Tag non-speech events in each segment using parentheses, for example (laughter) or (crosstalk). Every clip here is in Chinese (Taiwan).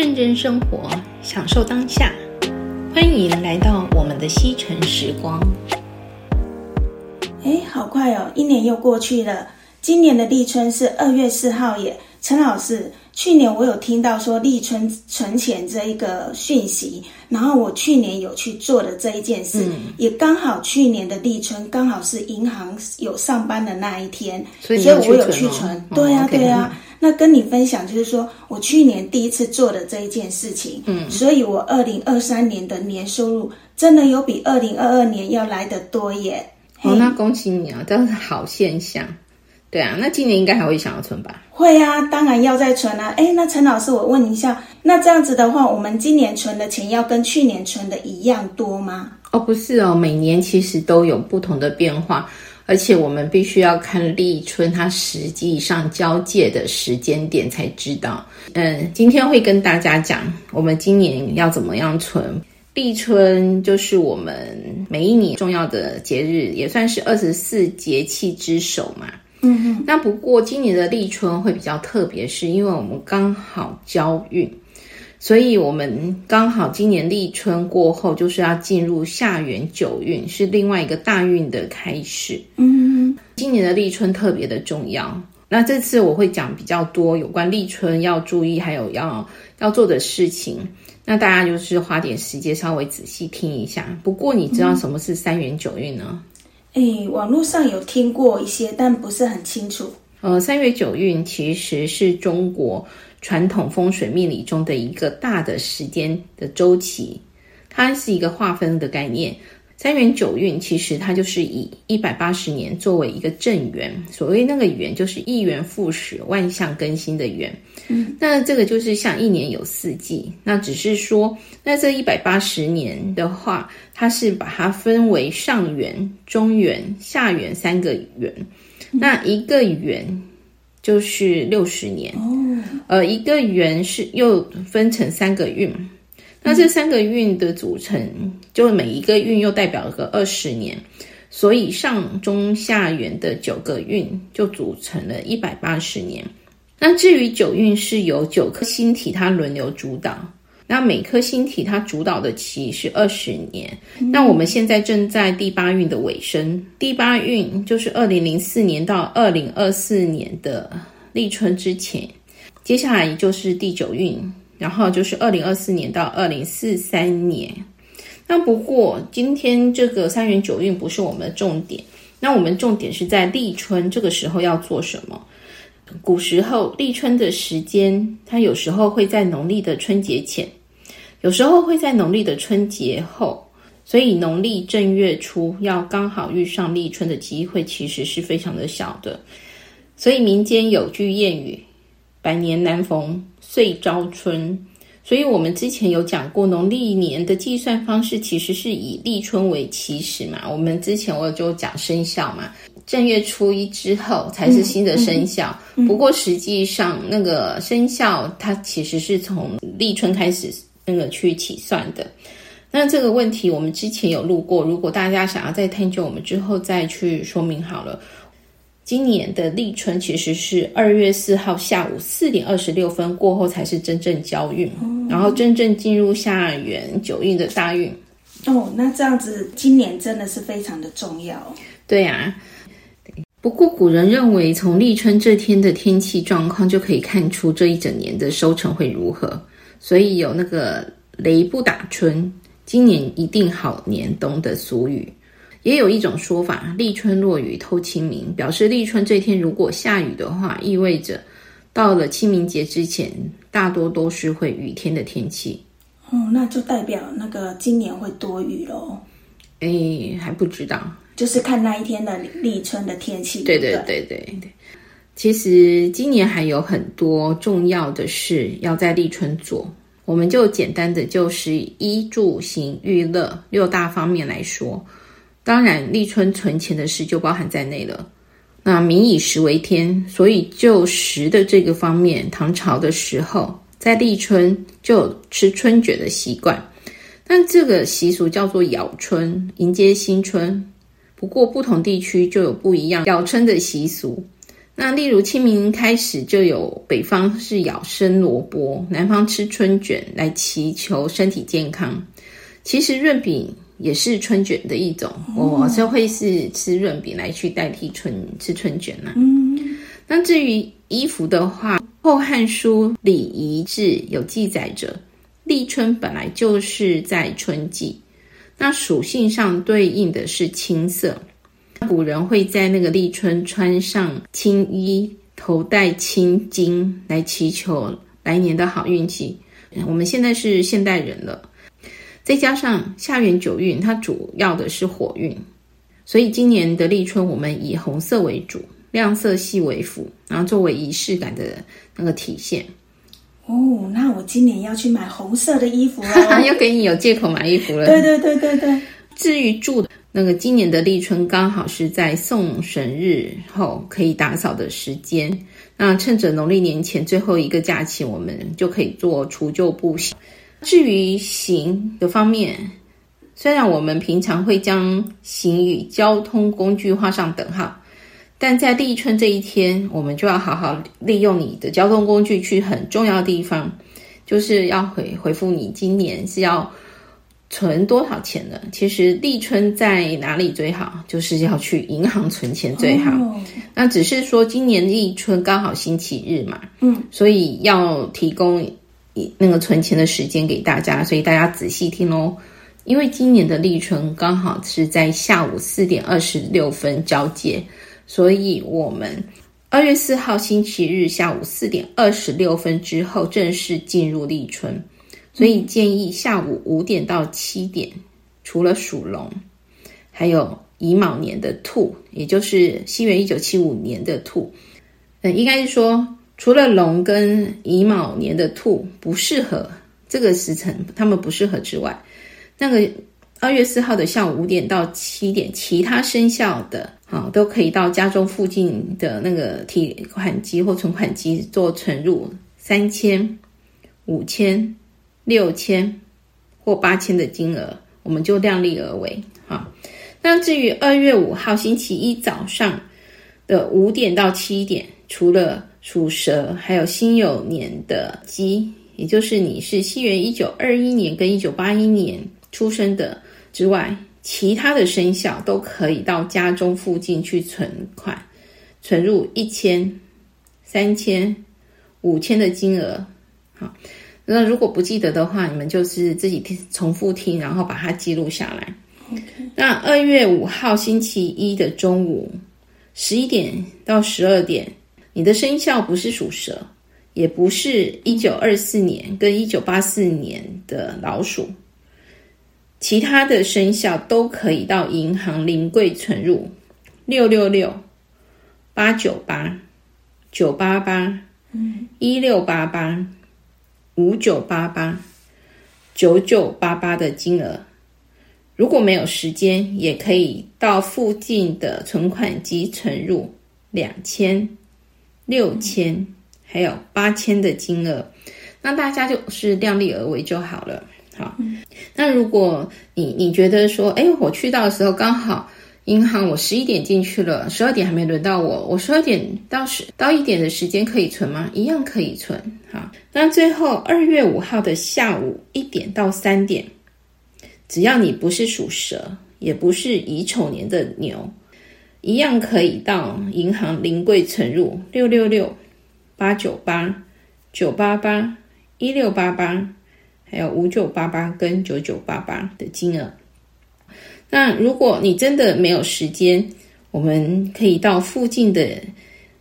認真生活，享受當下。歡迎來到我們的西城時光。哎，好快哦，一年又過去了。今年的立春是二月四號耶。陳老師，去年我有聽到說立春存錢這一個訊息，然後我去年有去做的這一件事，嗯、也剛好去年的立春剛好是銀行有上班的那一天，所以我有去存。對呀，對呀。那跟你分享，就是說我去年第一次做的這一件事情，嗯，所以我二零二三年的年收入真的有比二零二二年要來得多耶。好、哦、那恭喜你啊，這是好現象。對啊，那今年應該還會想要存吧？會啊，當然要再存啊。哎、欸，那陳老師，我問一下，那這樣子的話，我們今年存的錢要跟去年存的一樣多嗎？哦，不是哦，每年其實都有不同的變化。而且我們必須要看立春它實際上交界的時間點才知道。嗯，今天會跟大家講我們今年要怎麼樣存。立春就是我們每一年重要的節日，也算是二十四節氣之首嘛。嗯哼，那不過今年的立春會比較特別，是因為我們剛好交運。所以，我們剛好今年立春過後，就是要進入下元九運，是另外一個大運的開始。嗯，今年的立春特別的重要。那這次我會講比較多有關立春要注意還有要要做的事情。那大家就是花點時間稍微仔細聽一下。不過，你知道什麼是三元九運呢？哎、嗯，網絡上有聽過一些，但不是很清楚。呃，三元九運其實是中國傳統風水命理中的一個大的時間的周期，它是一個劃分的概念。三元九運其實它就是以一百八十年作為一個正元，所謂那個元就是一元復始、萬象更新的元。嗯，那這個就是像一年有四季，那只是說，那這一百八十年的話，它是把它分為上元、中元、下元三個元。那一個元就是六十年哦，呃，一個元是又分成三個運，那這三個運的組成，就每一個運又代表個二十年，所以上中下元的九個運就組成了一百八十年。那至於九運是由九顆星體它輪流主導。那每顆星體它主導的期是二十年。那我們現在正在第八運的尾聲，第八運就是二零零四年到二零二四年的立春之前。接下來就是第九運，然後就是二零二四年到二零四三年。那不過今天這個三元九運不是我們的重點，那我們重點是在立春這個時候要做什麼？古時候立春的時間，它有時候會在農曆的春節前。有時候會在農曆的春節後，所以農曆正月初要剛好遇上立春的機會，其實是非常的小的。所以民間有句諺語：“百年難逢歲朝春。”所以我們之前有講過，農曆年的計算方式其實是以立春為起始嘛。我們之前我有就講生肖嘛，正月初一之後才是新的生肖。不過實際上，那個生肖它其實是從立春開始。那個去起算的，那這個問題我們之前有錄過。如果大家想要再探究，我們之後再去說明好了。今年的立春其實是二月四號下午四點二十六分過後，才是真正交運，嗯、然後真正進入下元九運的大運。哦，那這樣子，今年真的是非常的重要。對啊，對。不過古人認為，從立春這天的天氣狀況就可以看出這一整年的收成會如何。所以有那個雷不打春，今年一定好年冬的俗語，也有一種說法：立春落雨，透清明，表示立春這天如果下雨的話，意味着到了清明節之前，大多都是會雨天的天氣。哦、嗯，那就代表那個今年會多雨咯。哎，還不知道，就是看那一天的立春的天氣。對對對對對。對其實今年還有很多重要的事要在立春做，我們就簡單的就是衣、住、行、娛、樂六大方面來說。當然，立春存錢的事就包含在內了。那民以食為天，所以就食的這個方面，唐朝的時候在立春就有吃春卷的習慣，但這個習俗叫做咬春，迎接新春。不過不同地區就有不一樣咬春的習俗。那例如清明開始就有北方是咬生蘿蔔，南方吃春捲來祈求身體健康。其實潤餅也是春捲的一種，我就、哦哦、會是吃潤餅來去代替春吃春捲啦、啊。嗯，那至於衣服的話，《後漢書禮儀志》有記載着，立春本來就是在春季，那屬性上對應的是青色。古人會在那個立春穿上青衣，頭戴青巾來祈求來年的好運氣。我們現在是現代人了，再加上下元九運，它主要的是火運，所以今年的立春我們以紅色為主，亮色系為輔，然後作為儀式感的那個體現。哦，那我今年要去買紅色的衣服了，哦， (laughs) 又給你有借口買衣服了。對，對對對對對。至於住的。那個今年的立春剛好是在送神日後，可以打掃的時間，那趁着農曆年前最後一個假期，我們就可以做除舊布新。至於行的方面，雖然我們平常會將行與交通工具畫上等號，但在立春這一天，我們就要好好利用你的交通工具去很重要的地方，就是要回回復你今年是要存多少錢呢？其實立春在哪裡最好，就是要去銀行存錢最好。Oh. 那只是說今年立春剛好星期日嘛，嗯，oh. 所以要提供那個存錢的時間給大家，所以大家仔細聽哦。因為今年的立春剛好是在下午四點二十六分交接，所以我們二月四號星期日下午四點二十六分之後正式進入立春。嗯、所以建議下午五點到七點，除了屬龍，還有乙卯年的兔，也就是西元一九七五年的兔，嗯，應該是說除了龍跟乙卯年的兔不適合這個時辰，他們不適合之外，那個二月四號的下午五點到七點，其他生肖的，好、哦，都可以到家中附近的那個提款機或存款機做存入三千、五千，六千或八千的金額，我們就量力而為哈。那至於二月五號星期一早上的五點到七點，除了屬蛇還有辛酉年的雞，也就是你是西元一九二一年跟一九八一年出生的之外，其他的生肖都可以到家中附近去存款，存入一千、三千、五千的金額，好。那如果不記得的話，你們就是自己聽、重複聽，然後把它記錄下來。Okay. 那二月五號星期一的中午十一點到十二點，你的生肖不是屬蛇，也不是一九二四年跟一九八四年的老鼠，其他的生肖都可以到銀行臨櫃存入六六六八九八九八八一六八八。五九八八九九八八的金額，如果沒有時間，也可以到附近的存款機存入兩千、六千，還有八千的金額。那大家就是量力而為就好了。好，那如果你你覺得說，哎，我去到的時候剛好。銀行，我十一點進去了，十二點還沒輪到我。我十二點到十到一點的時間可以存嗎？一樣可以存。哈，那最後二月五號的下午一點到三點，只要你不是屬蛇，也不是乙丑年的牛，一樣可以到銀行臨櫃存入六六六八九八九八八一六八八，66, 98, 88, 88, 還有五九八八跟九九八八的金額。那如果你真的沒有時間，我們可以到附近的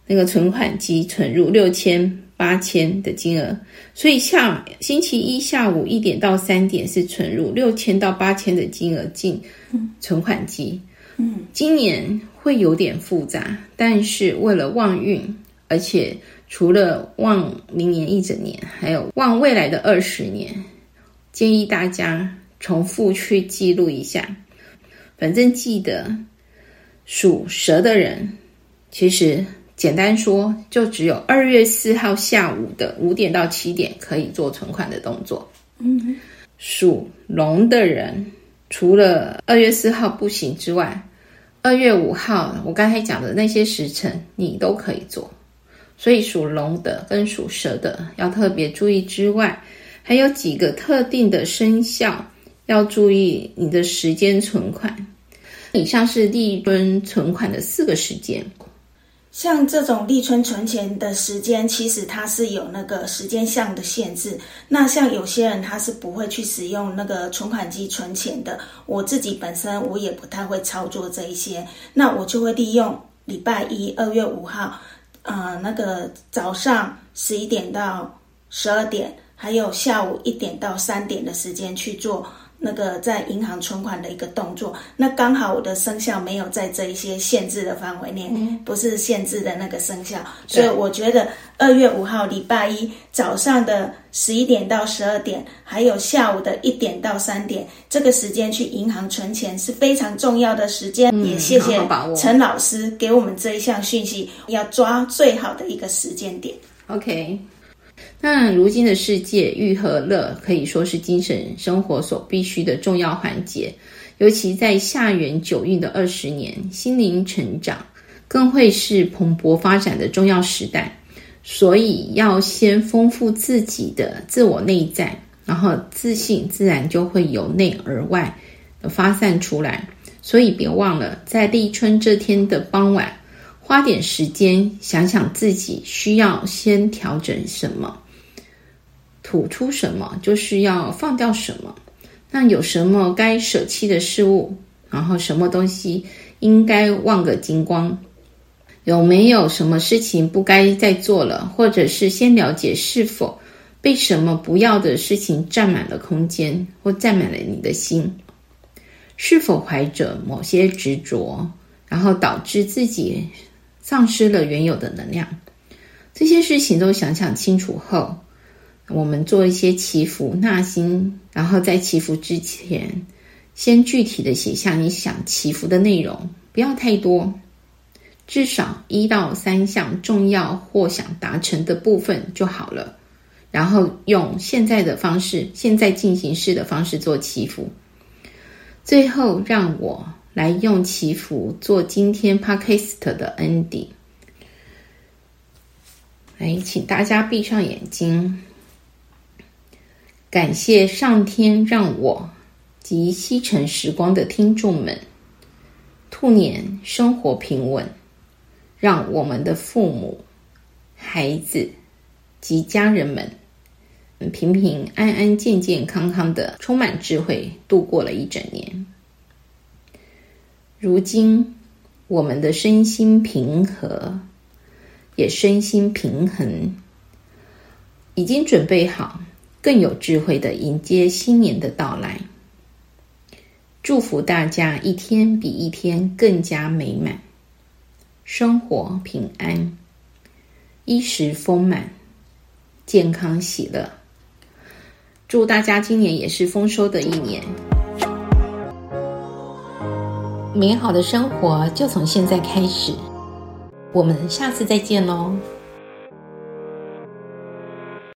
那個存款機存入六千、八千的金額。所以下星期一下午一點到三點是存入六千到八千的金額進存款機。嗯，今年會有點複雜，但是為了旺運，而且除了旺明年一整年，還有旺未來的二十年，建議大家重複去記錄一下。反正記得，屬蛇的人，其實簡單說，就只有二月四號下午的五點到七點可以做存款的動作。嗯，屬龍的人，除了二月四號不行之外，二月五號我剛才講的那些時辰你都可以做。所以屬龍的跟屬蛇的要特別注意之外，還有幾個特定的生肖。要注意你的時間存款。以上是立春存款的四個時間。像這種立春存錢的時間，其實它是有那個時間項的限制。那像有些人他是不會去使用那個存款機存錢的。我自己本身我也不太會操作這一些，那我就會利用禮拜一，二月五號，呃，那個早上十一點到十二點，還有下午一點到三點的時間去做，那個在銀行存款的一個動作，那剛好我的生肖沒有在這一些限制的範圍內，嗯、不是限制的那個生肖。對所以我覺得二月五號禮拜一早上的十一點到十二點，還有下午的一點到三點，這個時間去銀行存錢是非常重要的時間。嗯、也謝謝陳老師給我們這一項訊息，好好把握。要抓最好的一個時間點。OK。那如今的世界，愈合樂可以說是精神生活所必須的重要環節，尤其在下元九運的二十年，心靈成長更會是蓬勃發展的重要時代。所以要先豐富自己的自我內在，然後自信自然就會由內而外的發散出來。所以別忘了，在立春這天的傍晚。花點時間想想自己需要先調整什麼，吐出什麼，就是要放掉什麼。那有什麼該捨棄的事物？然後什麼東西應該忘個精光？有沒有什麼事情不該再做了？或者是先了解是否被什麼不要的事情佔滿了空間，或佔滿了你的心？是否懷着某些執着，然後導致自己。喪失了原有的能量，這些事情都想想清楚後，我們做一些祈福納新，然後在祈福之前，先具體的寫下你想祈福的內容，不要太多，至少一到三項重要或想達成的部分就好了。然後用現在的方式，現在進行式的方式做祈福，最後讓我。來用祈福做今天 Podcast 的 ending。來，請大家閉上眼睛，感謝上天讓我及西城時光的聽眾們兔年生活平穩，讓我們的父母、孩子及家人們平平安安、健健康康的，充滿智慧，度過了一整年。如今，我們的身心平和，也身心平衡，已經準備好更有智慧的迎接新年的到來。祝福大家一天比一天更加美滿，生活平安，衣食豐滿，健康喜樂。祝大家今年也是豐收的一年。美好的生活就從現在開始，我們下次再見嘍。